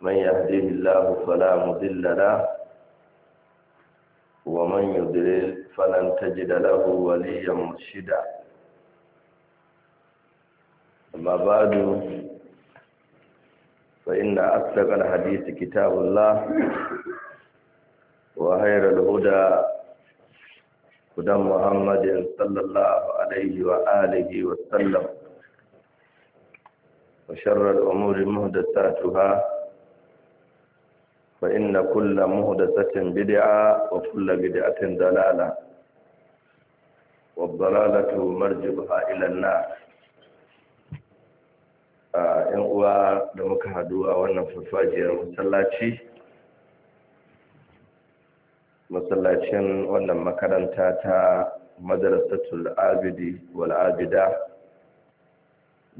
من يهديه الله فلا مضل له ومن يضلل فلن تجد له وليا مرشدا أما بعد فإن أصدق الحديث كتاب الله وخير الهدى هدى محمد صلى الله عليه وآله وسلم وشر الأمور مهدساتها فإن كل مهدسة بدعة وكل بدعة ضلالة والضلالة مرجبها إلى النار ‘yan uwa da muka hadu a wannan farfajiyar masallaci masallacin wannan makaranta ta madarasatul abidi wal abida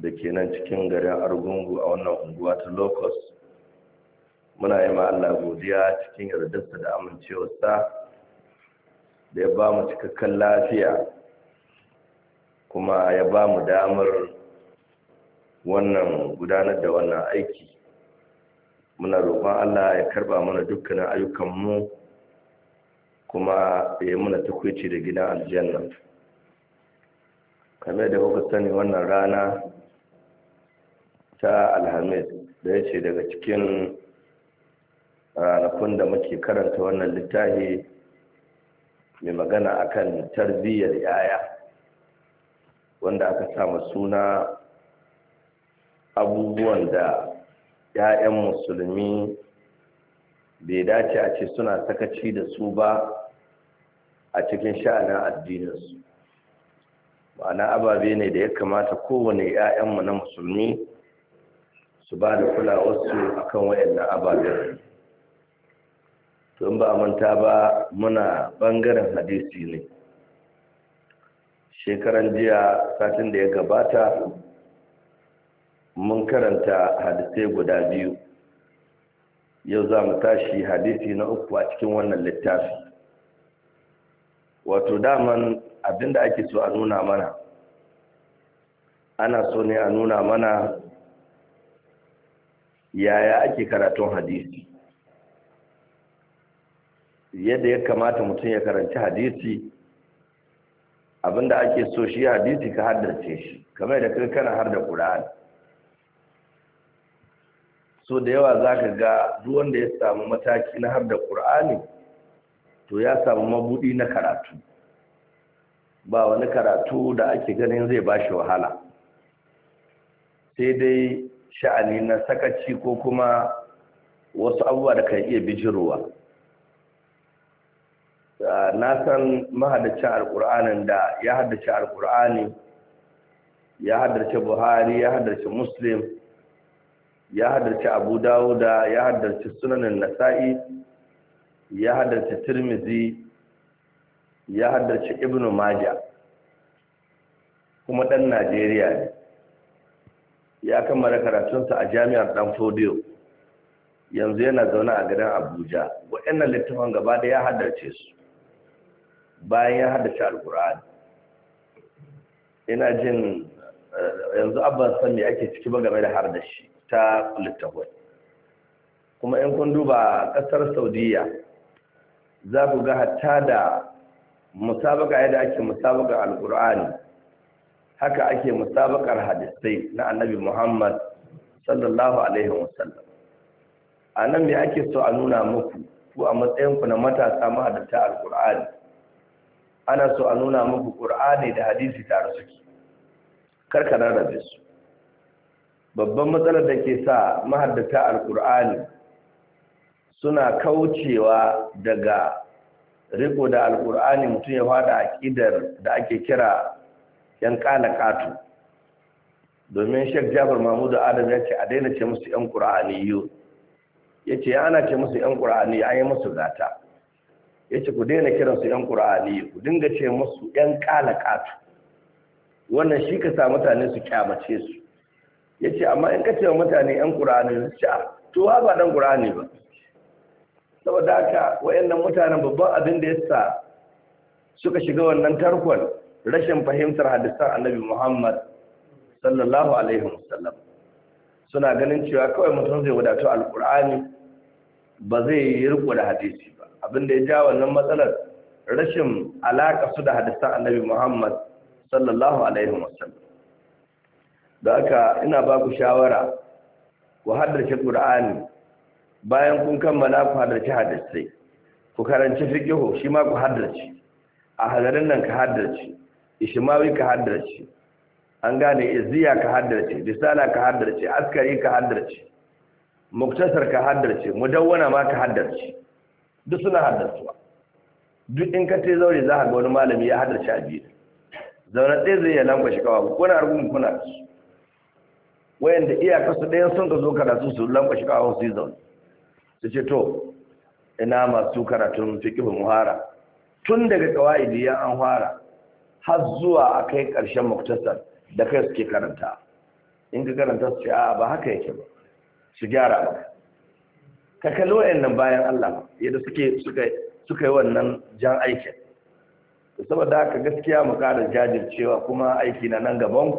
da ke nan cikin garin argungu a wannan unguwa ta locust muna yi ma Allah godiya cikin yardarsa da amincewarsa da ya ba mu cikakken lafiya kuma ya ba mu damar wannan gudanar da wannan aiki muna roƙon Allah ya karba mana dukkanin ayyukanmu kuma ya yi mana takwici da gidan aljanna kamar da kuka sani wannan rana ta alhamis da ya ce daga cikin ranakun da muke karanta wannan littafi mai magana akan tarbiyyar yaya wanda aka samu suna abubuwan da 'ya'yan musulmi bai dace a ce suna sakaci da su ba a cikin sha'anin addininsu ma'ana ababe ne da ya kamata kowane 'ya'yanmu na musulmi su ba da kulawarsu akan waɗannan ababen sun ba manta ba muna ɓangaren hadisi ne shekaran jiya satin da ya gabata mun karanta hadisai guda biyu yau za mu tashi hadisi na uku a cikin wannan littafi wato daman abinda ake so a nuna mana ana so ne a nuna mana yaya ake karatun hadisi yadda ya kamata mutum ya karanci hadisi abinda ake so shi hadisi ka haddace shi kamar da kai kana har da Qur'ani so da yawa zaka ga duk wanda ya samu mataki na har da Qur'ani to ya samu mabudi na karatu ba wani karatu da ake ganin zai ba shi wahala sai dai sha'ani na sakaci ko kuma wasu abubuwa da kan iya bijirowa na san mahadacin alkur'anin da ya haddace Alƙur'ani, ya haddace buhari ya haddace muslim ya haddace abu dawuda ya haddace sunanin nasa'i ya haddace tirmizi ya haddace ibnu maja kuma ɗan najeriya ne ya kammala karatunsa a jami'ar dan fodiyo yanzu yana zaune a gidan abuja waɗannan littafan gaba da ya haddace su bayan ya haddace alkur'ani ina jin eh, yanzu abban san me ake ciki ba game da har shi ta littafai kuma in kun duba kasar saudiya za ku ga hatta da musabaka yadda ake al alkur'ani haka ake musabakar hadisai na annabi muhammad sallallahu alaihi wasallam a nan me ake so a nuna muku ku a matsayinku na matasa mahadatta alkur'ani ana so a nuna muku ƙur'ani da hadisi tare suke karkana da su babban matsalar da ke sa mahaddata alƙur'ani suna kaucewa daga riko da alƙur'ani mutum ya fada aƙidar da ake kira yan ƙato domin shek jafar mahmudu adam ya ce a daina ce musu yan ƙur'aniyu ya ce ana ce musu yan ƙur'ani ya yi musu gata ya ce ku daina kiransu ‘yan ƙura'ani ku dinga ce ƴan ‘yan ƙalaƙatu wannan shi ka sa mutane su kyamace su ya ce amma in ka ce wa mutane ‘yan ƙura'ani su ce ah, to ba ɗan ƙura'ani ba saboda haka wayannan mutanen babban abin da ya sa suka shiga wannan tarkon rashin fahimtar hadisan annabi muhammad sallallahu alaihi wasallam suna ganin cewa kawai mutum zai wadatu alƙur'ani ba zai yi riko da hadisi ba abinda ya ja wannan matsalar rashin alaka su da hadisan annabi Muhammad sallallahu alaihi wasallam da aka ina ba ku shawara ku haddace Qur'ani bayan kun kammala ku haddace hadisai ku karanci fiqh shi ma ku haddace a hadarin nan ka haddace ishmawi ka haddace an gane iziya ka haddace risala ka haddace askari ka haddace muktasar ka haddace mudawwana ma ka haddace duk suna haddacewa duk in ka te zaure za ka ga wani malami ya haddace a biyu zaune ɗaya zai lamba shi kawai kuna argun kuna su wayanda iyaka su ɗayan sun ka zo karatu su lamba shi kawai su yi zaune su ce to ina masu karatun fiƙihun muhara tun daga kawai ya an fara har zuwa a kai ƙarshen muktasar da kai suke karanta in ka karanta su ce a ba haka yake ba su gyara ba, ka kalli wayannan bayan Allah yadda suke suka suka yi wannan jan aikin to saboda haka gaskiya mu kada jajircewa kuma aiki na nan gaban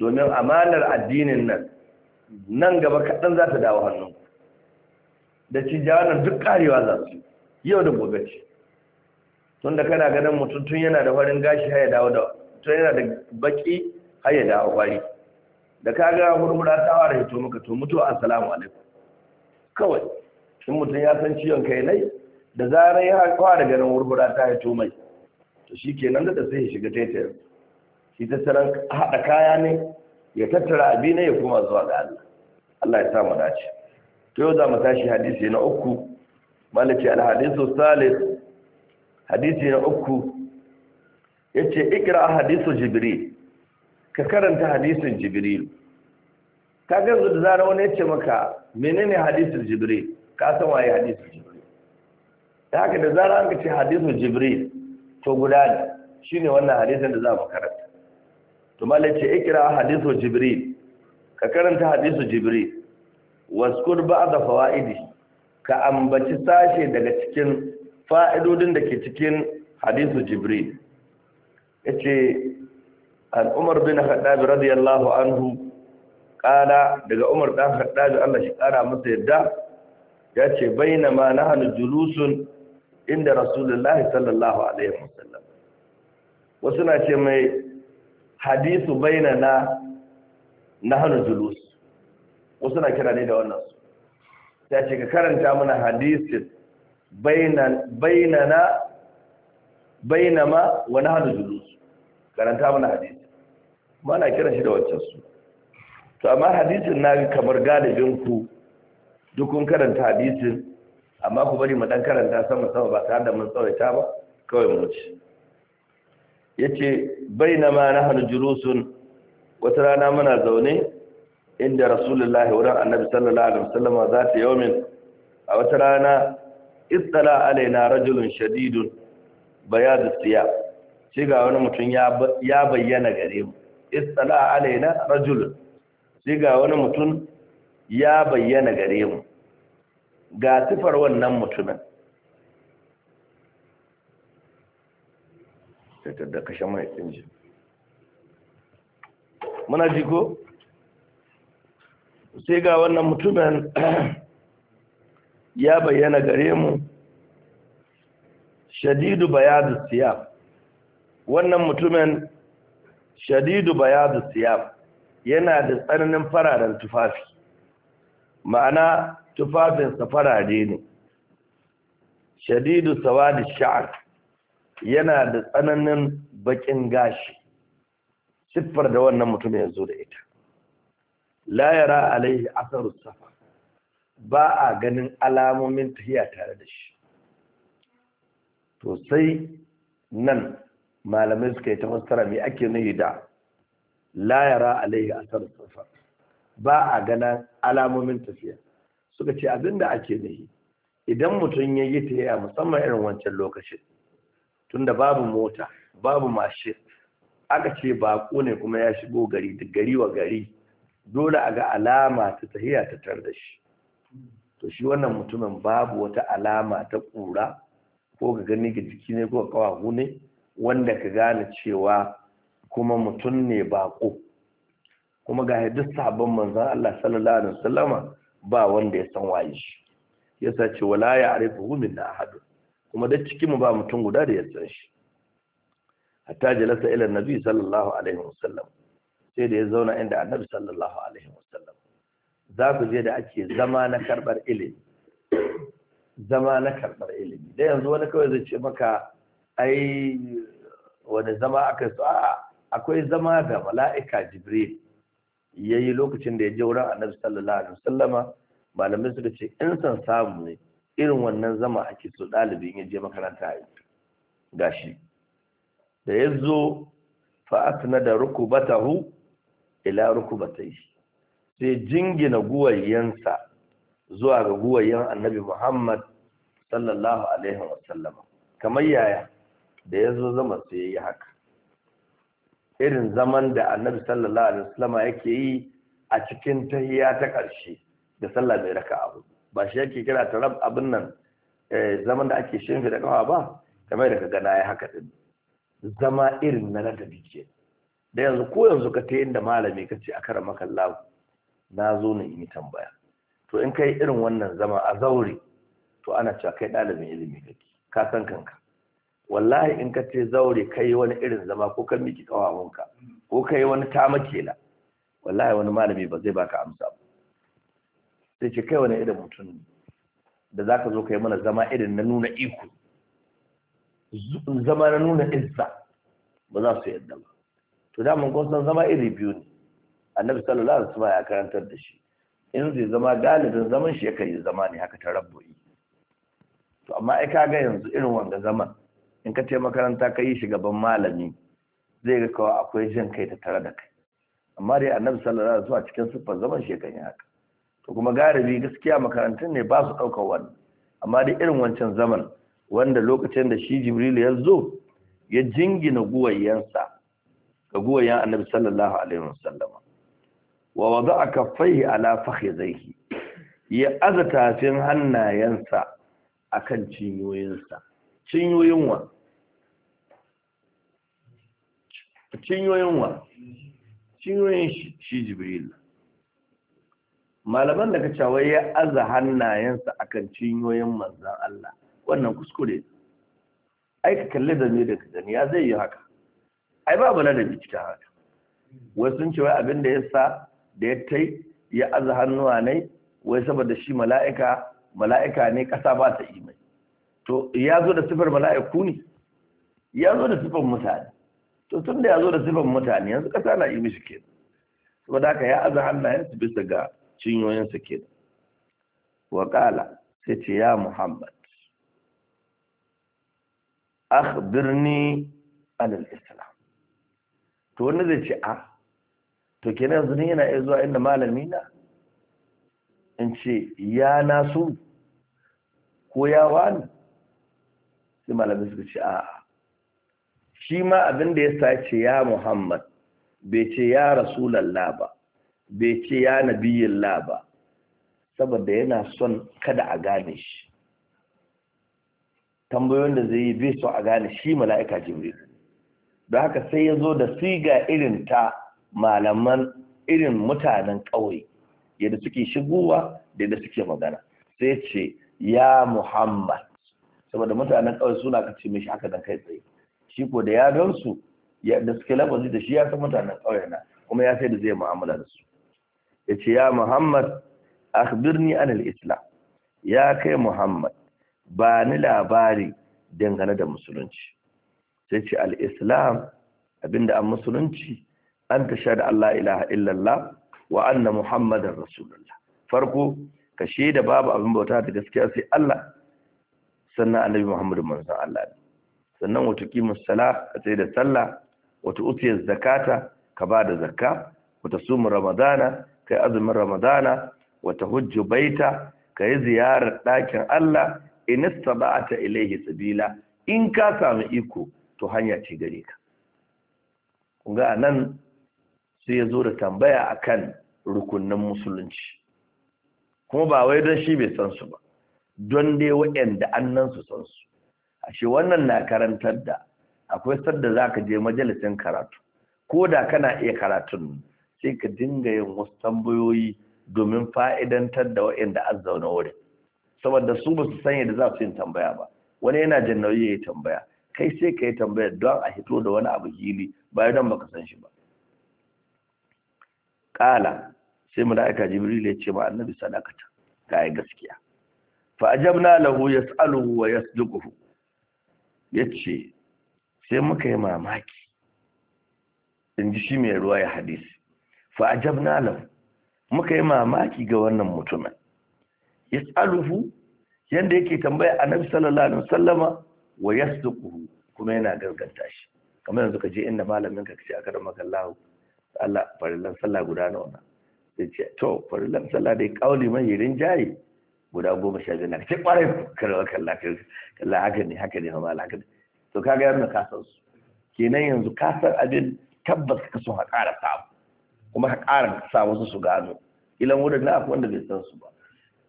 domin amanar addinin nan nan gaba kaɗan za ta dawo hannun da ci nan duk karewa za su yau da gobe ce tun da kana ganin mutum tun yana da farin gashi haya dawo da tun yana da baki haya dawo fari da ka ga hurmura ta ware hito maka to mutuwa assalamu alaikum kawai in mutum ya san ciwon kai nai da zarar ya kawo da nan hurmura ta hito mai to shi kenan da sai ya shiga taitayar shi ta saran haɗa kaya ne ya tattara abi ne ya kuma zuwa ga Allah Allah ya samu dace to yau za mu tashi hadisi na uku malaki alhadisu salis hadisi na uku yace ikra hadisu jibril ka karanta hadisin jibril ka ga yanzu da zara wani ya ce maka menene hadisul jibril ka san waye hadisul jibril da haka da zara an ka ce hadisul jibril to guda ne shine wannan hadisin da za mu karanta to malai ce ikra hadisul jibril ka karanta hadisul jibril waskur ba'da fawaidi ka ambaci sashe daga cikin fa'idodin da ke cikin hadisul jibril yace al-umar bin khattab radiyallahu anhu kala daga Umar dan Khattab Allah shi kara masa yadda yace na nahnu julusun inda Rasulullahi sallallahu alaihi wasallam wasu na ce mai hadisu na nahnu julus wasu na kira ne da wannan su. ya ce ka karanta mana hadisin bainana ma wa nahnu julus karanta mana hadisin mana kira shi da wancan su to amma hadisin na kamar galibin ku duk kun karanta hadisin amma ku bari mu dan karanta sama sama ba tare da mun tsawaita ba kawai mu ci yace bainama nahnu julusun wata rana muna zaune inda rasulullahi wurin annabi sallallahu alaihi wasallam za ta yawmin a wata rana istala alaina rajulun shadidun bayad siya shi ga wani mutum ya bayyana gare mu istala alaina rajulun sai ga wani mutum ya bayyana gare mu ga sifar wannan mutumin da kashe mai inji muna jiko sai ga wannan mutumin ya bayyana gare mu shadidu bayadu siyaf wannan mutumin shadidu bayadu siyaf yana da tsananin fararen tufafi ma'ana tufafinsa farare ne shadidu sawadi sha'ar yana da tsananin bakin gashi siffar da wannan mutum ya zo da ita Layara yara alaihi asaru safa ba a ganin alamomin tahiya tare da shi to sai nan malamai suka yi ta fassara me ake nuhi da la yara alaihi asarar safar ba a gana alamomin tafiya suka ce abinda ake nahi idan mutum ya yi tafiya musamman irin wancan lokacin tunda babu mota babu mashin aka ce bako ne kuma ya shigo gari da gari wa gari dole a ga alama ta tahiya ta tar da shi to shi wannan mutumin babu wata alama ta ƙura ko ga gani ga jiki ne ko kawahu ne wanda ka gane cewa kuma mutum ne baƙo kuma ga duk sabon manzan Allah sallallahu alaihi wasallama ba wanda ya san waye shi yasa ce wala ya arifu minna ahadun kuma da cikin mu ba mutum guda da ya san shi hatta jalasa ila nabi sallallahu alaihi wasallam sai da ya zauna inda annabi sallallahu alaihi wasallam za ku je da ake zama na karbar ilimi zama na karbar ilimi da yanzu wani kawai zai ce maka ai wani zama aka so a'a akwai zama da mala'ika jibril ya yi lokacin da ya je wurin annabi sallallahu alaihi wasallama malamai suka ce in san samu ne irin wannan zama ake so ɗalibin ya je makaranta ya gashi da ya zo na da rukubatahu ila rukubatai sai jingina guwayensa zuwa ga guwayen annabi muhammad sallallahu alaihi wasallama kamar yaya da ya zo zama sai ya yi haka irin zaman da annabi sallallahu alaihi wasallam yake yi a cikin tahiyya ta ƙarshe da sallah mai raka abu ba shi yake kira ta rab abin nan eh, zaman da ake shimfi da kawa ba kamar da gana ya haka din zama irin na ladabi ke da yanzu ko yanzu ka ta inda malami ka ce a kara maka na zo na yi tambaya to in kai irin wannan zama a zauri to ana cewa kai ɗalibin ilimi kake ka san kanka wallahi in ka ce zaure kai wani irin zama ko ka miki kawawunka ko kai wani tama kela wallahi wani malami ba zai baka amsa ba sai ce kai wani irin mutum da za ka zo kai mana zama irin na nuna iko zama na nuna izza ba za su yadda ba to da mun kun zama iri biyu ne annabi sallallahu alaihi wasallam ya karantar da shi in zai zama galibin zaman shi yakan yi zama ne haka ta rabbo'i to amma ai kaga yanzu irin wanga zaman in ka ce makaranta ka yi gaban malami zai ga kawai akwai jin kai ta tare da kai amma dai annabi sallallahu alaihi wasallam cikin siffar zaman shekan ya haka to kuma garibi gaskiya makarantun ne ba su dauka wani amma dai irin wancan zaman wanda lokacin da shi jibril ya zo ya jingina guwayensa ga guwayen annabi sallallahu alaihi wasallam wa wada'a kaffaihi ala fakhidhihi ya aza tafin hannayensa akan cinyoyinsa cinyoyin wa a cinyoyin wa cinyoyin shi jibril malaman da ka wai ya aza hannayensa akan cinyoyin manzan Allah wannan kuskure ai ka kalli da ne daga gani ya zai yi haka ai ba bala da bikita haka wai sun ce wai abin da ya sa da ya tai ya aza hannuwa ne wai saboda shi mala'ika mala'ika ne kasa ba ta imai to ya zo da sifar mala'iku ne ya zo da sifar mutane to tun da ya zo da sifan mutane yanzu kasa na yi mishi kenan saboda haka ya aza hannayensu bisa ga cinyoyinsa kenan wa kala sai ce ya muhammad akhbirni alal islam to wanda zai ce a ah, to kenan yanzu yana iya zuwa inda malami na in ce ya nasu ko ya wani sai malami suka ce a shi ma abin da ya sace ya Muhammad bai ce ya Rasulallah ba bai ce ya Nabiyullah ba saboda yana son kada a gane shi tambayoyin da zai yi bai so a gane shi mala'ika Jibril don haka sai ya zo da siga irin ta malaman irin mutanen ƙauye yadda suke shigowa da yadda suke magana sai ce ya Muhammad saboda mutanen ƙauye suna ka ce mishi haka dan kai tsaye shi ko da ya su da suke lafazi da shi ya san mutanen ƙauyen na kuma ya sai da zai mu'amala da su ya ce ya muhammad akhbirni al islam ya kai muhammad ba ni labari dangane da musulunci sai ce al-islam abinda an musulunci an ta da Allah ilaha illallah wa anna muhammadar rasulullah farko ka da babu abin bauta da gaskiya sai Allah sannan annabi muhammadu manzon Allah ne sannan wata kimus sala ka tsaye da sallah wata utiyar zakata ka ba da zakka wata sumu ramadana ka yi azumin ramadana wata hujju baita ka yi ziyarar ɗakin Allah in istaba'ata ilaihi sabila in ka samu iko to hanya ce gare ka kun ga nan sai ya zo da tambaya a kan rukunnan musulunci kuma ba wai don shi bai san su ba don dai waɗanda annan su san su ashe wannan na karantar da akwai sadda za ka je majalisin karatu ko da kana iya karatun sai ka dinga yin wasu tambayoyi domin fa'idantar da waɗanda an zaune wurin saboda su ba su sanya da za su yin tambaya ba wani yana jin nauyi ya yi tambaya kai sai ka yi tambaya don a hito da wani abu hili bayan don baka san shi ba ƙala sai mala'ika jibril ya ce ma annabi sadakata ka yi gaskiya fa ajabna lahu yas'aluhu wa yasduquhu ya ce sai muka yi mamaki in ji shi mai ruwa ya hadisi fa'ajab nalam muka yi mamaki ga wannan mutumin ya tsalufu yadda yake tambaya annabi sallallahu alaihi sallama wa yasduquhu kuma yana garganta shi kamar yanzu ka je inda malamin ka kace a rama makallahu Allah farillan sallah guda nawa sai ce to farillan sallah dai kauli mai yirin jayi guda goma sha biyar na ce kwarai karwa kalla kalla haka ne haka ne hamala haka ne to kaga yadda ka san su kenan yanzu ka san abin tabbas ka so ka ƙara sa kuma ka ƙara sa wasu su gano ilan wurin na akwai wanda bai san su ba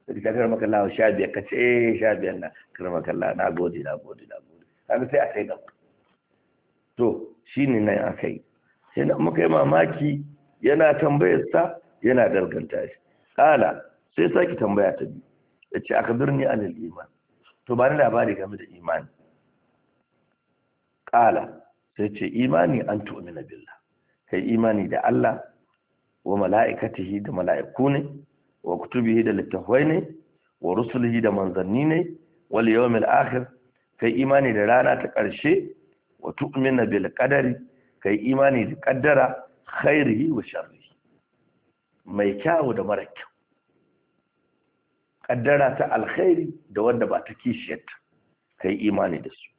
Da ka karama kalla sha biyar ka ce eh, sha biyar na Karama kalla na gode na gode na gode kaga sai a kai gaba to shine nan aka kai sai na muka yi mamaki yana tambayar sa yana darganta shi kala sai sake tambaya ta biyu Yace ce aka birni alil iman to bani labari game da imani ƙala sai ce imani an tu'mina billah kai imani da Allah wa mala'ikatihi da mala'iku ne wa kutubihi da littafai ne wa rusulihi da manzanni ne wal yawmil akhir kai imani da rana ta ƙarshe wa tu'mina bil qadari kai imani da kaddara khairihi wa sharrihi mai kyau da mara kyau kaddara ta alkhairi da wanda ba ta kishiyarta kai imani da su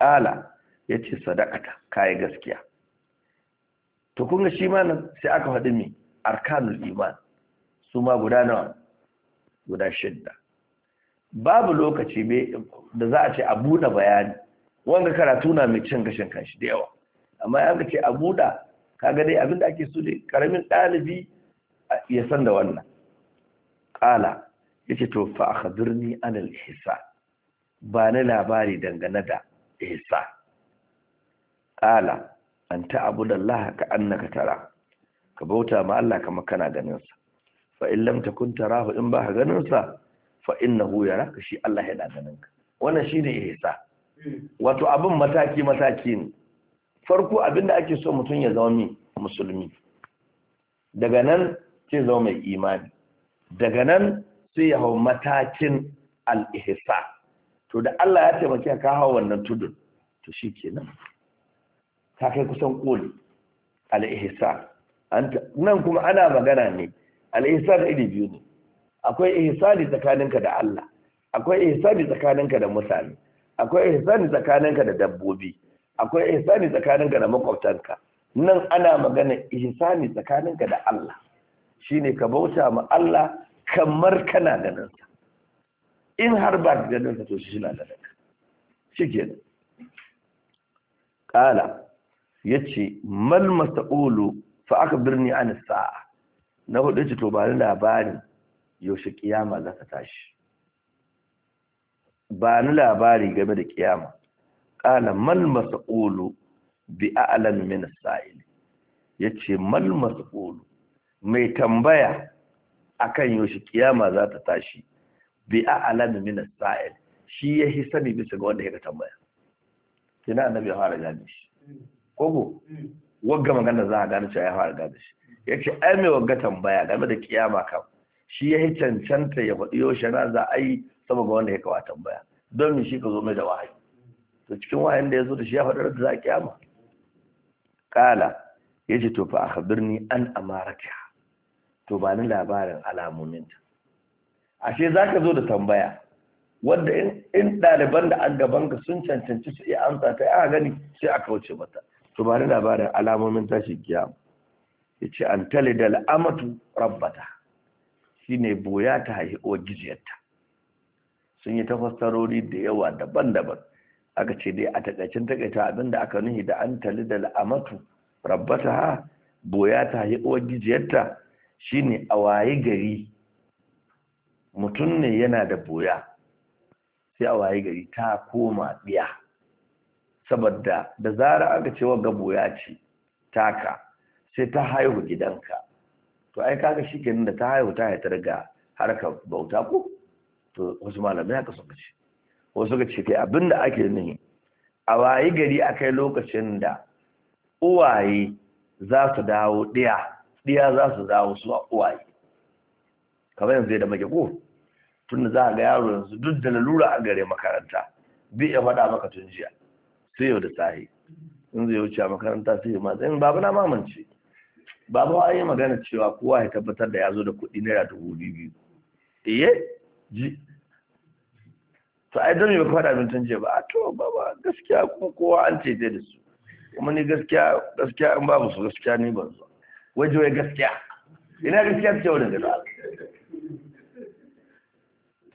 ƙala ya ce sadakata kayi gaskiya to kunga shi ma sai aka faɗi mai arkanul iman su ma guda nawa guda shidda babu lokaci da za a ce a buɗe bayani wanga karatu na mai cin gashin kashi da yawa amma ya ce a buɗe kaga dai abinda ake so dai karamin ɗalibi ya san da wannan ƙala ce to fa akhbirni an al-ihsan ba ni labari dangane da ihsan qala an ta'budu Allah ka annaka tara ka bauta ma Allah kamar kana ganin sa fa in lam takun tarahu in ba ganin sa fa innahu yaraka shi Allah yana ganin ka wannan ne ihsan wato abin mataki mataki ne farko abin da ake so mutum ya zama musulmi daga nan ce zama mai imani daga nan sai ya hau matakin al’ihisa. to da Allah ya taimake ka hawa wannan tudun to shi kenan, ka kai kusan koli al’ihisa. nan kuma ana magana ne al’ihisa da iri biyu ne akwai ihsani tsakaninka da Allah akwai ihsani tsakaninka da mutane akwai ihsani tsakaninka da dabbobi akwai ihsani tsakaninka da makwabtanka nan ana magana ihsani tsakaninka da Allah shine ka bauta ma Allah kamar kana ganin sa in har ba ka ganin sa to shi na ke ka shikenan ya yace mal mas'ulu fa aka birni an sa'a na hudu ce to ba ni labarin yaushe kiyama za ka tashi ba ni labari game da kiyama qala mal mas'ulu bi a min as ya ce mal mas'ulu mai tambaya akan yoshi kiyama za ta tashi bi a alamin min sa'il shi ya hi sani bisa ga wanda yake tambaya kina annabi ya fara gane shi kogo wagga magana za a gane cewa ya fara gane shi yace ai mai wagga tambaya game da kiyama kam shi ya hi cancanta ya faɗi yoshi na za a yi saboda wanda yake wa tambaya don shi ka zo mai da wahayi to cikin wahayin da ya zo da shi ya faɗi da za a kiyama kala yace to fa akhbirni an amaratiha to ba ni labarin ta. ashe za ka zo da tambaya wadda in ɗaliban da an gaban ka sun cancanci su iya amsa ta ya gani sai a kauce mata to ba ni labarin alamomin tashi giya ya ce an tale da al'amatu rabbata shi ne boya ta haihi ogijiyarta sun yi tafassarori da yawa daban-daban aka ce dai a takaicin abin da aka nuhi da an tale da al'amatu rabbata ha boya ta haihi ogijiyarta shine a waye gari mutum ne yana da boya sai a waye gari ta koma ɗiya saboda da zara aka cewa ga boya ce taka sai ta haihu gidanka to ai kaga shikenan da ta haihu ta haifar ga harkar bauta ko to wasu malamai haka suka ce wasu suka ce kai abinda ake nuni a waye gari akai lokacin da uwaye za su dawo ɗiya ɗiya za su zawo su a uwaye kamar yanzu ya da make ko tun da za ga yaro yanzu duk da lalura a gare makaranta bi ya faɗa maka tun jiya sai yau da sahi in zai wuce a makaranta sai ya matsayin babu na mamance babu an yi magana cewa kowa ya tabbatar da ya zo da kuɗi naira dubu biyu iye ji ta ai don ba faɗa min tun jiya ba a to baba gaskiya kuma kowa an ce da su kuma ni gaskiya gaskiya in babu su gaskiya ni ban zo waje ya gaskiya ina gaskiya ta cewa da gaba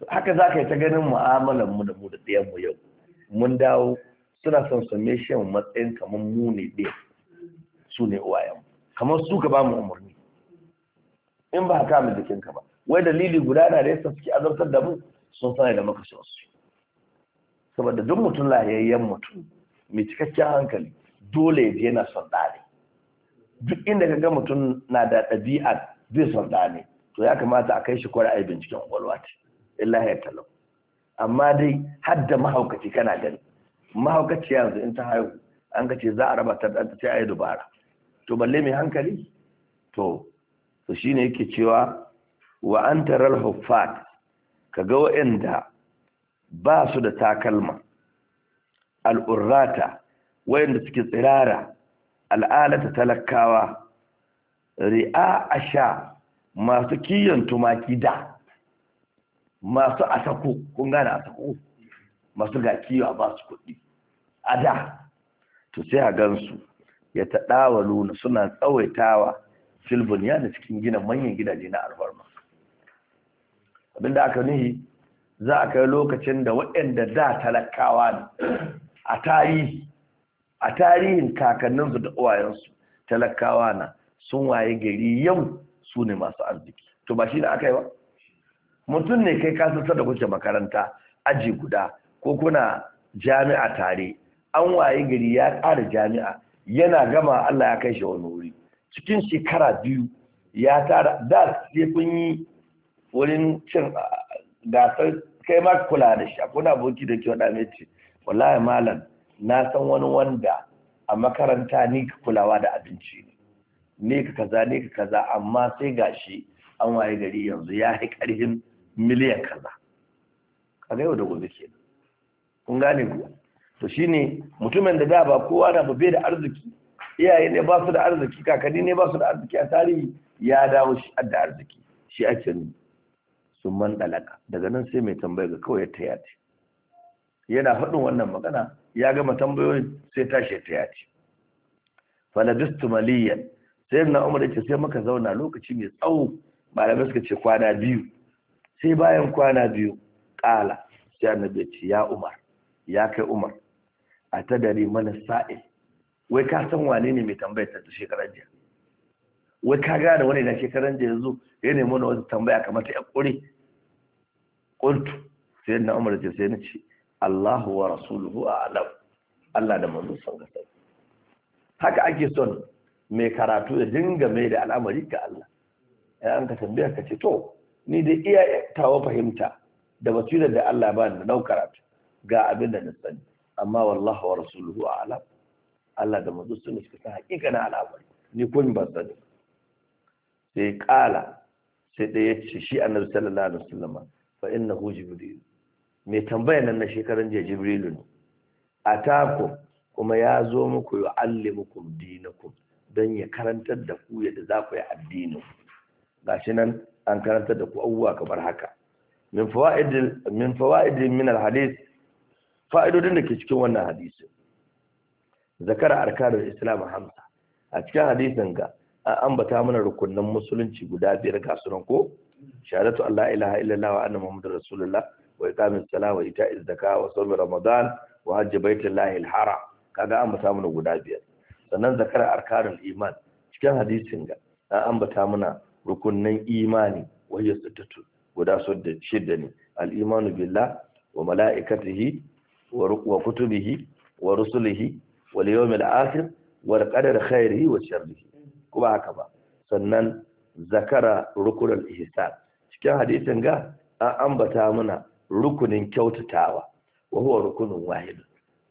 haka za ka yi ta ganin mu'amalar mu da mu da ɗayan mu yau mun dawo suna son su me shi matsayin kamar mu ne ɗaya su ne uwayen kamar su ka ba mu umarni in ba haka mu jikinka ba wai dalili guda na da yasa a azabtar da mu sun sani da maka su saboda duk mutum lahiyayyen mutum mai cikakken hankali dole ya je yana son ɗari duk inda ka ga mutum na da ɗabi'a zai sauɗa ne to ya kamata a kai shi kwara a yi binciken ƙwaƙwalwa ce illahi ya talau amma dai har da mahaukaci kana gani mahaukaci yanzu in ta haihu an ka ce za a raba ta ɗan ta yi dubara to balle mai hankali to to ne yake cewa wa an taral huffat ka ga wa'anda ba su da takalma al'urrata wa'anda suke tsirara al'alata talakawa ri'a a sha masu kiyon tumaki da masu asako kun gane asako masu ga kiyo a basu kuɗi a da to sai a gansu ya taɗawa luna suna tsawaitawa ya da cikin gina manyan gidaje na alfarma abinda aka nihi za a kai lokacin da waɗanda da talakawa a tarihi a tarihin kakanninsu da uwayensu talakawa na sun waye gari yau su ne masu arziki to ba shi ne aka yi ba mutum ne kai ka sassa da kuke makaranta aji guda ko kuna jami'a tare an waye gari ya kara jami'a yana gama Allah ya kai shi wani wuri cikin shekara biyu ya tara da sai kun yi wurin cin gasar kai ma kula da shi akwai aboki da ke wada mai ce wallahi malam na san wani wanda a makaranta ni ka kulawa da abinci ne Ne ka kaza ne ka kaza amma sai gashi an waye gari yanzu ya yi ƙarfin miliyan kaza a yau da gobe ke kun gane ku to shine mutumin da da ba kowa na babe da arziki iyaye ne ba su da arziki kakanni ne ba su da arziki a tarihi ya dawo shi da arziki shi ake nuna sun man dalaka daga nan sai mai tambaya ga kawai ta yace yana faɗin wannan magana ya gama tambayoyin sai tashi ta yaci falabistu maliyan sai na umar yake sai muka zauna lokaci mai tsawo malamai suka ce kwana biyu sai bayan kwana biyu kala sai annabi ya ce ya umar ya kai umar a ta dare mana sa'il wai ka san wane ne mai tambayar ta shekaran jiya wai ka gane wani na shekaran jiya yanzu ya nemi wani wata tambaya kamar ta yan ƙuri ƙuntu sai na umar ce sai na ce Allahu wa rasuluhu a'lam Allah da manzo sallallahu alaihi haka ake son mai karatu da dinga mai da al'amari ga Allah ya an ka tambaya ka ce to ni da iya tawa fahimta da basirar da Allah ba da nau karatu ga abin da na sani amma wallah wa rasuluhu a'lam Allah da manzo sun suka san hakika na al'amari ni kun ba sani sai kala sai da ya ce shi annabi sallallahu alaihi wasallam fa innahu jibril mai tambaya nan na shekaran jiya jibrilu ne atakum kuma ya zo muku ya allimukum dinakum don ya karantar da ku yadda za ku yi Ga gashi nan an karantar da ku abubuwa kamar haka min fawaidin min al min alhadith fa'idodin da ke cikin wannan hadisi zakara arkanul islam hamsa a cikin hadisin ga an ambata mana rukunin musulunci guda biyar ga sunan ko shahadatu allah ilaha illallah wa anna muhammadur rasulullah wa iqamis salat wa ita'iz zakat wa sawm ramadan wa hajj baitullahi al-haram kaga an bata mana guda biyar sannan zakar arkanul iman cikin hadisin ga an bata mana rukunnan imani wahiyar sittatu guda da shidda ne al-imanu billah wa mala'ikatihi wa kutubihi wa rusulihi wa yawmil akhir wa qadar khairihi wa sharrihi kuma haka ba sannan zakara rukunul ihsan cikin hadisin ga an ambata mana rukunin kyautatawa wa huwa rukunin wahid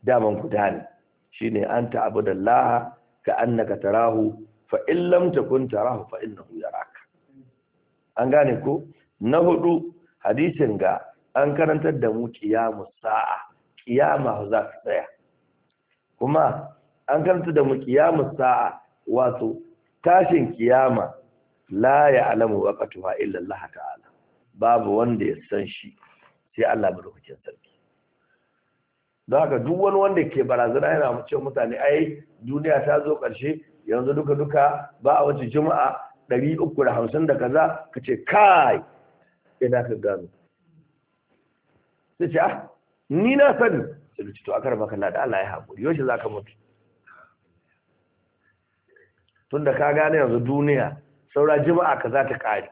daman guda ne shine an ta'budallaha ka annaka tarahu fa in lam takun tarahu fa innahu yaraka an gane ko na hudu hadisin ga an karantar da mu qiyamus sa'a qiyama za ta tsaya kuma an karantar da mu qiyamus sa'a wato tashin ƙiyama, la ya alamu illa Allah ta'ala babu wanda ya san shi sai Allah madaukakin sarki don haka duk wani wanda ke barazana yana ce mutane ai duniya ta zo ƙarshe yanzu duka duka ba a wace juma'a ɗari uku da hamsin da kaza ka ce kai ina ka gano sai ce ah ni na sani sai ce to akar maka na da Allah ya haƙuri yau za ka mutu tun da ka gane yanzu duniya saura juma'a kaza ta kare.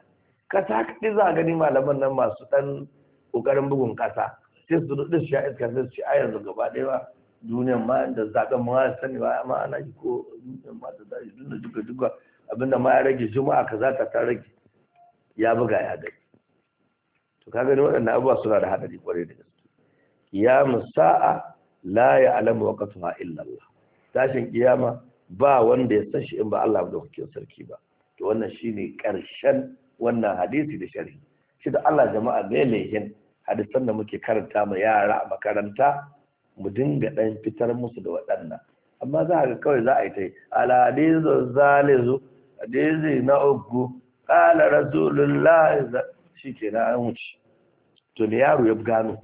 ka ta kaɗi za a gani malaman nan masu ɗan kokarin bugun kasa sai su dudu shi a iska sai su ci a yanzu gaba ɗaya ba duniyan ma da zaben ma sani ba ma ana yi ko duniyan ma da zai dunda duka duka abinda ma ya rage juma'a kaza ta ta rage ya buga ya gari. to ka gani waɗannan abubuwa suna da haɗari kwarai da gaske ya musa'a la ya'lamu waqtaha illa Allah tashin kiyama ba wanda ya san shi in ba Allah da hukuncin sarki ba to wannan shine karshen wannan hadisi da sharhi shi da Allah jama'a bai lehin hadisan da muke karanta ma yara a makaranta mu dinga ɗan fitar musu da waɗannan amma za ga kawai za a yi ta yi alhadizu zalizu hadisi na uku ala rasulullah na an wuce to da yaro ya gano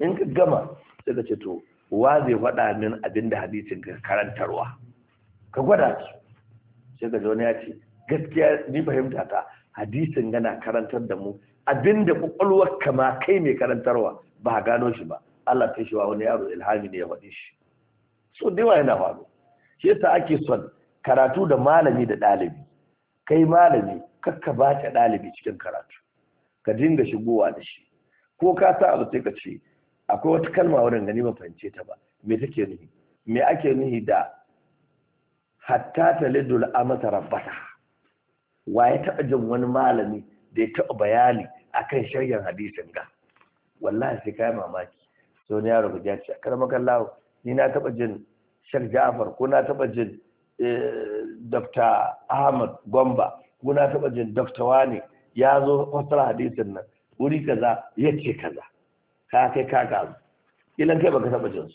in ka gama sai ka ce to wa zai faɗa min abin da hadisin ka karantarwa ka gwada su sai ka ne ya ce gaskiya ni fahimta ta hadisin yana karantar da mu abinda kwakwalwar kama kai mai karantarwa ba a gano shi ba Allah ta shi wa wani yaro ilhami ne ya faɗi shi so da yawa yana faɗo shi yasa ake son karatu da malami da ɗalibi kai malami kakka ba ta ɗalibi cikin karatu ka dinga shigowa da shi ko ka sa abu sai ka ce akwai wata kalma wurin gani ban fahimce ta ba me take nuhi me ake nuhi da hatta talidul amata rabbata wa ya taɓa jin wani malami da ya taɓa bayani akan shiryan hadisin ga wallahi sai kai mamaki so ne yaro ya ce kan makallawo ni na taɓa jin Sheikh Ja'far ko na taɓa jin eh, Dr. Ahmad Gomba ko na taɓa jin Dr. Wani ya zo fasar hadisin nan wuri kaza ya ce kaza ka kai ka kazu ilan kai baka taɓa jin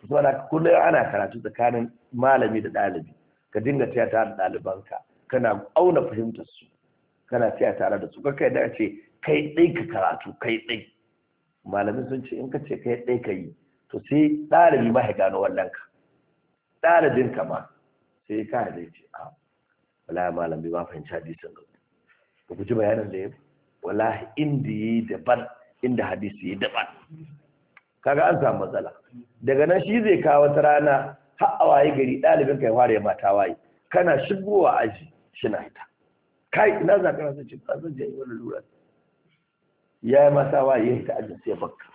su ba na kullum ana karatu tsakanin malami da ɗalibi ka dinga tiyata da ɗalibanka kana auna fahimtar su kana tsaya tare da su kai da ce kai ɗai ka karatu kai ɗai malamin sun ce in ka ce kai ɗai ka yi to sai ɗalibi ma ya gano wannan ka ɗalibin ka ma sai ka ya ce a wala malami ba fahimci hadisin ga ku guji bayanin da ya Wala inda yi daban inda hadisi yi daban kaga an samu matsala daga nan shi zai kawo wata rana har a waye gari ɗalibin ka ya fara ya mata waye kana shigowa aji shi ita kai ina za ka rasa ce ba zan je wani lura ya yi masa wa yin ta ajin sai bakka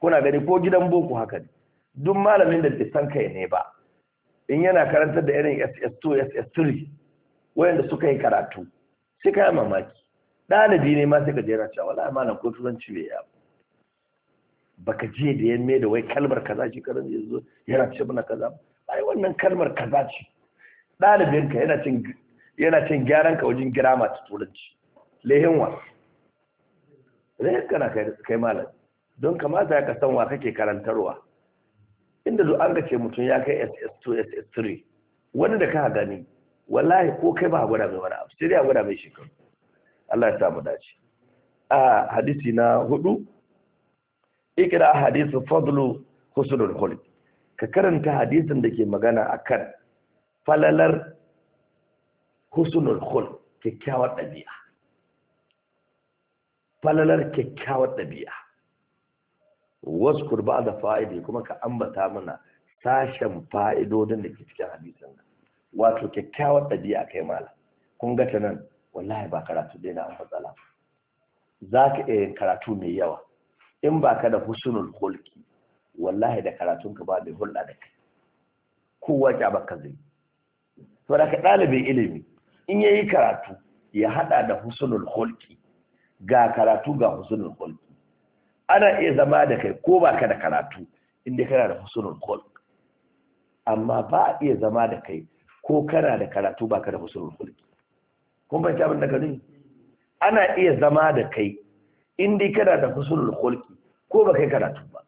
kuna gani ko gidan boko haka ne duk malamin da bai san kai ne ba in yana karantar da irin ss2 ss3 wayanda suka yi karatu sai kai mamaki ɗalibi ne ma sai ka jera cewa wala malam ko turanci bai yi baka je da me da wai kalmar kaza ce karan yanzu yana ce mana kaza ai wannan kalmar kaza ce ɗalibinka yana cin yana cin gyaran ka wajen girama ta turanci lehin wa lehin kana kai malam don kamata ya kasan wa kake karantarwa inda zo an gace mutum ya kai ss2 ss3 wani da ka gani wallahi ko kai ba gwada mai wani abu sai ya gwada mai shekaru Allah ya samu dace a hadisi na hudu ikira hadisu fadlu husnul khuluq ka karanta hadisin da ke magana akan falalar husnul khul kyakkyawar ɗabi'a falalar kyakkyawar ɗabi'a wasu kurba da fa'idi kuma ka ambata mana sashen fa'idodin da ke cikin hadisin nan wato kyakkyawar ɗabi'a kai mala kun ga ta nan wallahi ba karatu dai na matsala za ka iya karatu mai yawa in ba ka da husnul hulki wallahi da karatun ka ba mai hulɗa da kai kowa ki ka zai to da ka ɗalibin ilimi in yayi karatu ya hada da husnul khulqi ga karatu ga husnul khulqi ana iya zama da kai ko baka da karatu inda kana da husnul khulq amma ba a iya zama da kai ko kana da karatu baka da husnul khulqi kun fahimci abin da gani ana iya zama da kai inda kana da husnul khulqi ko baka kai karatu ba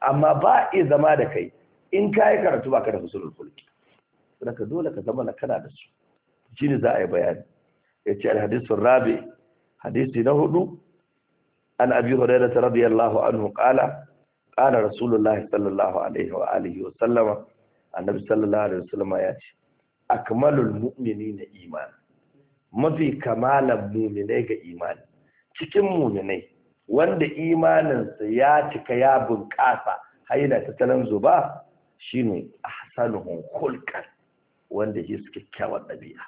amma ba a iya zama da kai in ka yi karatu baka da husnul khulqi saboda dole ka zama kana da su Shini za a yi bayani Ya ce alhadisun rabi hadisi na hudu an abi rabi radiyallahu anhu qala qala rasulullah sallallahu alaihi wa alihi wa sallama annabi sallallahu alaihi wa sallama ya yace akmalul na iman mafi kamalan mu'minai ga imani cikin mu'minai wanda imaninsa ya cika ya bunƙasa haina tattalin zuba shine ahsanuhum khulqan wanda suke kyawar ɗabi'a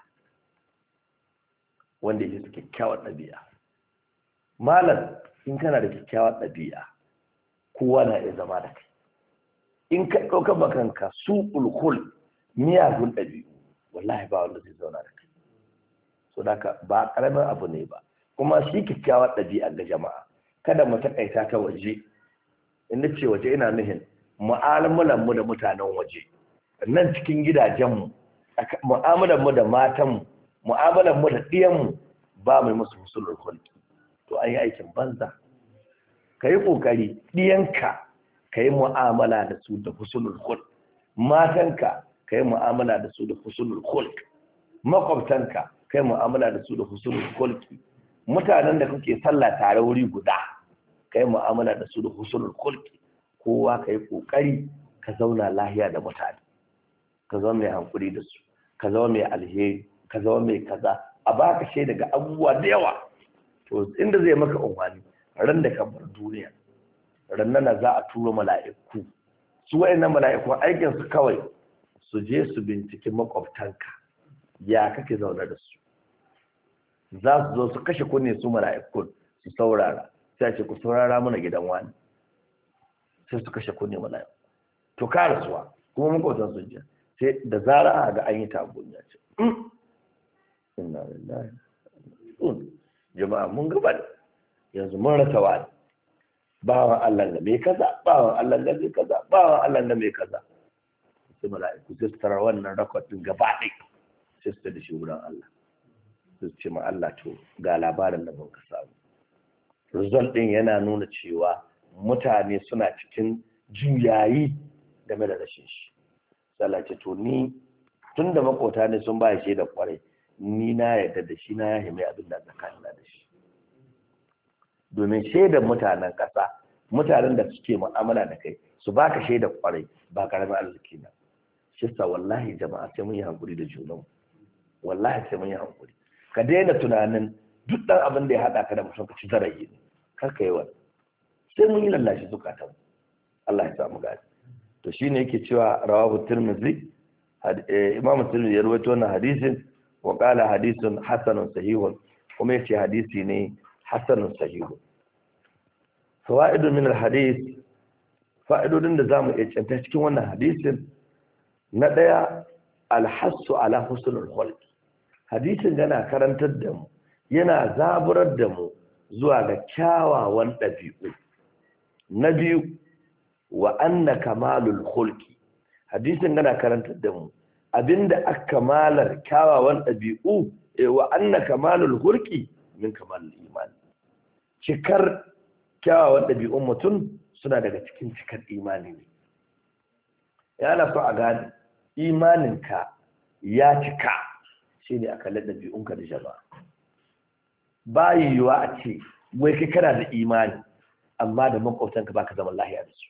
wanda yake kyakkyawar ɗabi'a malam in kana da kyakkyawar ɗabi'a kowa na iya zama da kai in ka ɗaukar makanka su ulkul miyagun ɗabi'u wallahi ba wanda zai zauna da kai so ka ba ƙaramin abu ne ba kuma shi kyakkyawar ɗabi'a ga jama'a kada mu taƙaita ta waje na ce waje ina nuhin mu'amalanmu da mutanen waje nan cikin gidajenmu mu da matan mu. mu'amalar mu da ɗiyan mu ba mai musu husulul khulqi to an yi aikin banza kai kokari ɗiyanka kai mu'amala da su da husulul khulq matanka kai mu'amala da su da husulul khulq makwabtanka kai mu'amala da su da husulul khulqi mutanen da kuke sallah tare wuri guda kai mu'amala da su da husulul khulqi kowa kai kokari ka zauna lahiya da mutane ka zama mai hankuri da su ka zama mai alheri ka zama mai kaza a baka shi daga abubuwa da yawa to inda zai maka umarni ran da ka bar duniya rannana za a turo mala'iku su wayannan mala'iku aikin su kawai su je su binciki makwabtanka ya kake zaune da su za su zo su kashe kunne su mala'ikun su saurara sai ce ku saurara mana gidan wani sai su kashe kunne mala'iku to ka rasuwa kuma makwabtan sun je sai da zara a ga an yi ya ce mm. inna lillahi jama'a mun gaba yanzu mun rasa wani bawan Allah da mai kaza bawan Allah da mai kaza bawan Allah da mai kaza sai mala'iku sai su tarar wannan rakod din gaba ɗaya sai su tada shi wurin Allah sai su ce ma Allah to ga labarin da mun ka samu result din yana nuna cewa mutane suna cikin juyayi game da rashin shi sai Allah ce to ni tunda makota ne sun ba shi da kwarai ni na yadda da shi na ya mai abin da tsakanina da shi domin shaidar mutanen ƙasa mutanen da suke mu'amala da kai su baka shaidar kwarai ba karamin arziki na shi sa wallahi jama'a sai mun yi hankuri da junan wallahi sai mun yi hankuri ka daina tunanin duk dan abin da ya haɗa ka da mutum ka ci zarafi ne kar ka yi wani sai mun yi lallashi zukatan Allah ya samu gani to shine yake cewa rawahu tirmidhi eh, imam tirmidhi ya rawaito wannan hadisin wa hadisin hadithun hasanun sahihun kuma yace hadisi ne hasanun sahihun fawaidu min alhadith fa'idodin da zamu iya cinta cikin wannan hadisin na daya alhassu ala husnul khulq hadisin yana karantar da mu yana zaburar da mu zuwa ga kyawawan ɗabi'u na biyu wa kamalul khulqi hadisin yana karantar da mu abinda aka kamalar kyawawan ɗabi'u eh, wa anna kamalul hurki min kamalul imani cikar kyawawan ɗabi'un mutum suna daga cikin cikar imani ne Ya so a gane imaninka ya cika shi ne a ɗabi'un ka da jama'a ba yiwuwa a ce wai kai kana da imani amma da ka baka zama lahiya da su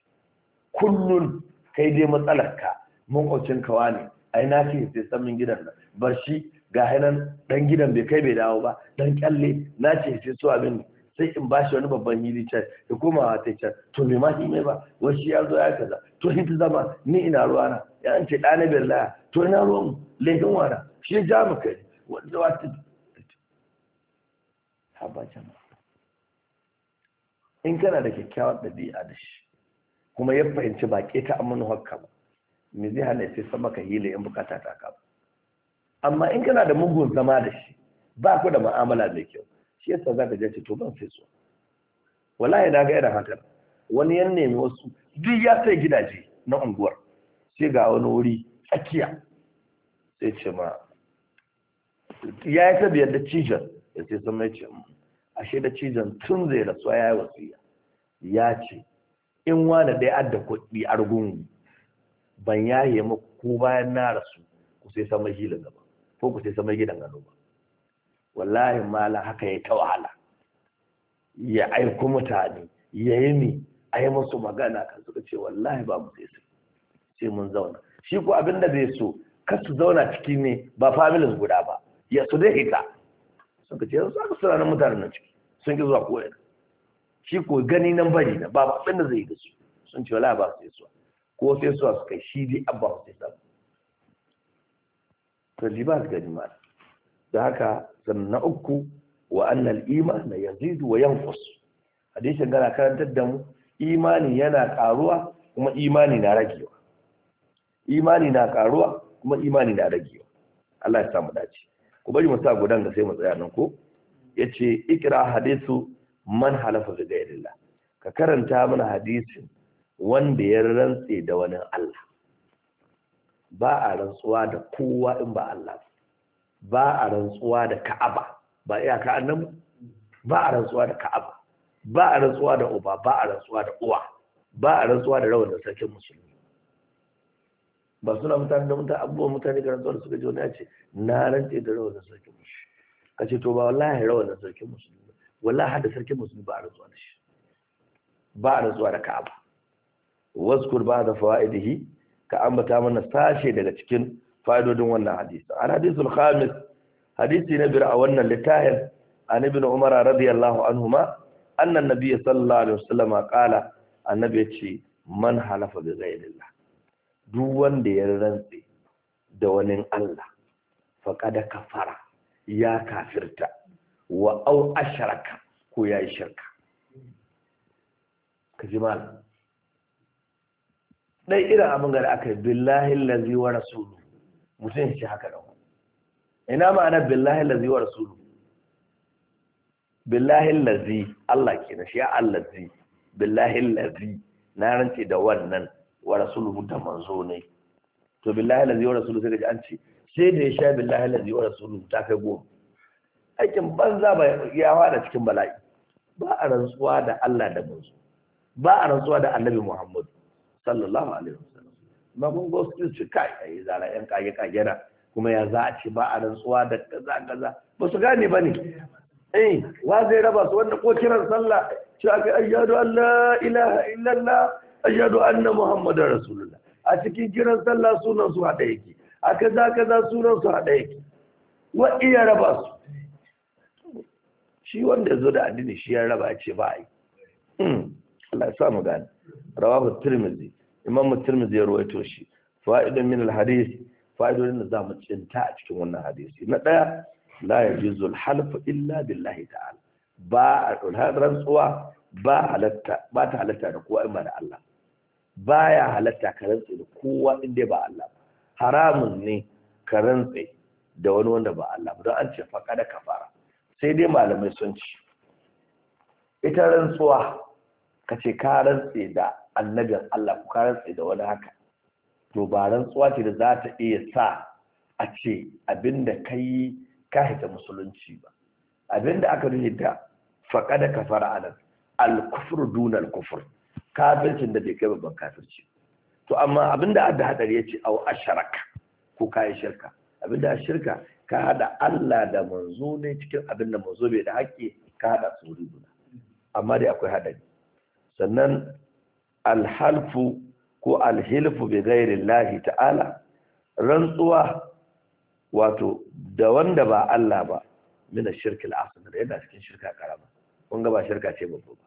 kullun kai dai matsalarka wa wane ai na ce sai tsamin gidan nan bar shi ga hainan dan gidan bai kai bai dawo ba dan kyalle na ce sai su abin sai in ba shi wani babban hili can ya koma ta can to me ma shi mai ba wasu ya zo ya kaza to in ta zama ni ina na ya an ce ɗana biyar to ina mu laifin wana shi ya ja mu kai wanda ta haba jama'a in kana da kyakkyawar ɗabi'a da shi kuma ya fahimci baƙi ta amma hakka ba me zai hana sai sama ka hila in bukata ta kawo amma in kana da mugun zama da shi ba ku da ma'amala mai kyau shi yasa za ka je to ban sai so wallahi na ga irin hakan wani yan nemi wasu duk ya sai gidaje na unguwar sai ga wani wuri tsakiya sai ce ma ya yi tabiyar da cijan ya sai sama ya ce mm, ashe da cijan tun zai rasuwa ya yi wasu ya ce in wani ɗaya adda kuɗi argungu ban yaye muku ko bayan na rasu ku sai sama hilin gaba ko ku sai sama gidan gado ba wallahi mala haka ya ta wahala ya aiko mutane ya yi ni a yi musu magana kan suka ce wallahi ba mu sai su sai mun zauna shi ko abin da zai so kar su zauna ciki ne ba familin guda ba ya su dai hita suka ce yanzu aka sura na mutanen nan ciki sun ki zuwa koyar shi ko gani nan bari na ba abin da zai yi da su sun ce wallahi ba su sai su ko sai su kai shi dai abba sai samu to libas ga da haka sannan uku wa annal iman na yazidu wa yanqus hadisin gana karantar da mu imani yana karuwa kuma imani na ragewa imani na karuwa kuma imani na ragewa Allah ya samu dace ku bari mu sa gudan ga sai mu tsaya nan ko yace ikra hadisu man halafa bi ghayrillah ka karanta mana hadisin wanda ya rantse da wani Allah ba a rantsuwa da kowa in ba Allah ba a rantsuwa da Ka'aba ba iyaka annabi ba a rantsuwa da Ka'aba ba a rantsuwa da uba ba a rantsuwa da uwa ba a rantsuwa da rawar da sarkin musulmi ba suna mutane da mutane abubuwan mutane ga rantsuwa da suka ji wani ce na rantse da rawar da sarkin musulmi ka ce to ba wallahi rawar da sarkin musulmi wallahi hada sarkin musulmi ba a rantsuwa da shi ba a rantsuwa da Ka'aba waskur ba da fawa'idihi ka ambata mana sashe daga cikin fa'idodin wannan hadisi an hadisul khamis hadisi na biyar a wannan littafin an ibn umar radiyallahu anhuma anna nabiyyi sallallahu alaihi wasallam qala annabi ya ce man halafa bi ghayrillah duk wanda ya rantse da wani Allah faqad kafara ya kafirta wa au asharaka ko ya yi shirka kaji malam dai irin abin gari aka yi billahi lazi wa rasulu mutum shi haka ku. ina ma'ana billahi lazi wa rasulu billahi lazi Allah ke na shi ya allazi billahi lazi na rance da wannan wa rasulu da manzo ne to billahi lazi wa rasulu sai da an ce sai da ya sha billahi lazi wa rasulu ta kai goma aikin banza ba ya fada cikin bala'i ba a rantsuwa da Allah da manzo ba a rantsuwa da annabi Muhammadu sallallahu alaihi wasallam ba mun go su ci kai ai zara yan kage kage da kuma ya za ci ba a rantsuwa da kaza kaza ba su gane ba ne eh wa zai raba su wanda ko kiran sallah shi aka ayyadu alla la ilaha illallah ayyadu anna muhammadar rasulullah a cikin kiran sallah sunan su hada yake a kaza kaza sunan su hada yake wa iya raba su shi wanda zo da addini shi ya raba ce ba yi hmm. Allah ya sa mu gane rawahu imam ya ruwaito shi fa'idan min alhadis fa'idodin da zamu cinta a cikin wannan hadisi na daya la yajuzu alhalfu illa billahi ta'ala ba rantsuwa ba halatta ba ta halatta da kowa in da Allah baya halatta ka rantsu da kowa in dai ba Allah haramun ne ka rantse da wani wanda ba Allah don an ce faƙa kafara sai dai malamai sun ci ita rantsuwa ka ce ka rantse da annabin Allah ko ka rantse da wani haka to ba rantsuwa ce da za ta iya sa a ce abinda ka yi ka hita musulunci ba abinda aka nufi da faƙada kafara a al-kufr duna al-kufr kafircin da bai kai babban kafirci to amma abinda adda hadari yace au asharaka ko ka yi shirka abinda shirka ka hada Allah da manzo ne cikin abinda manzo bai da haƙƙi ka hada su amma dai akwai hadari sannan alhalfu ko alhilfu bi ghairillahi ta'ala rantsuwa wato da wanda ba Allah ba mina shirki yana cikin shirka karama kun ga ba shirka ce babu ba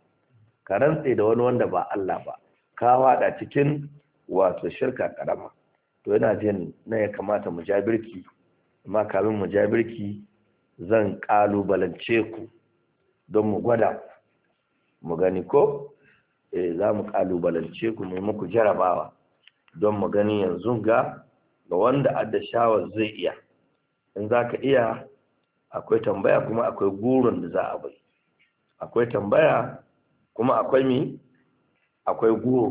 ka rantse da wani wanda ba Allah ba ka wada cikin wato shirka karama to yana jin na ya kamata mu jabirki amma kamin mu jabirki zan kalubalance ku don mu gwada mu gani ko Eh, za mu kalubalance ku mai muku jarabawa don mu gani yanzu ga ga wanda adda shawar zai iya in za ka iya akwai tambaya kuma akwai gurin da za a bai akwai tambaya kuma akwai mi akwai guru